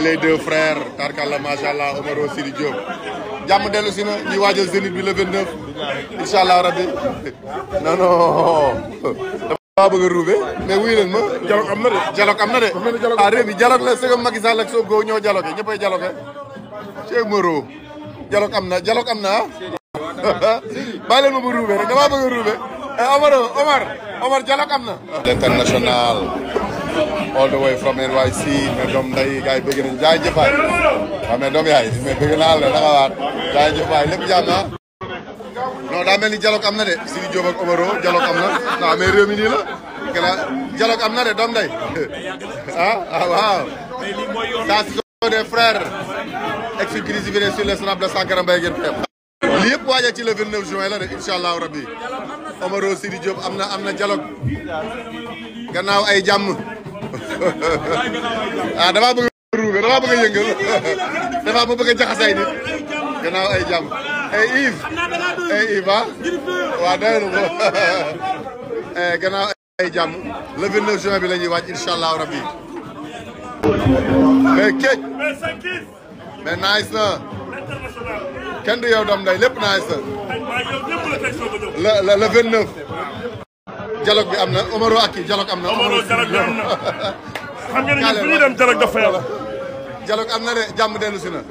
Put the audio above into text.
les deux frères Tarkalla macha allah Omaro Sidi Diop jàmm dellu na ñuy waajal Zénith bi le 29 incha allah rabbi non non damaa bëgg a ruube mais ma. dialogue na de. dialogue am na de. ah réew mi dialogue la sëgam Macky Sall ak Sonko ñoo dialogue ñëppay dialogue Cheikh Omaro dialogue am na dialogue na ah. bàyyi leen ma ma ruube rek eh, na. l'international. all the way from NYC mais doom nday gars yi bëgg nañ jaajëf doom yaay mais bëgg naa la danga waat jaajëf waay lépp na ah. non daa mel ni dialogue am na de Sidi Diop ak Omaro dialogue am na la gannaaw dialogue am de doom nday ah, ah waaw ça c'est des frères exclusivité sur le snap de Sankara Mbaye ngeen waaja ci le 29 juin la de incha rabbi Omaro Sidi Diop am na am na dialogue gannaaw ay jàmm ah damaa bëgg a ruuga damaa bëgg a yëngal dafa ma bëgg a jaxase ay nit gannaaw ay jàmm ay eh, Yves ay eh, Yves ah waaw eh, ay jàmm le 29 juin bi lañuy ñuy waaj incha allah rabbi mais kéej mais nice na kenn du day lépp nice na le le bi am na Omaro ak kii am na. Omaro dialogue bi am na. xam ngeen ne ñun bu ñuy dem dialogue daf fay am. dialogue am na de jàmm dellu si na.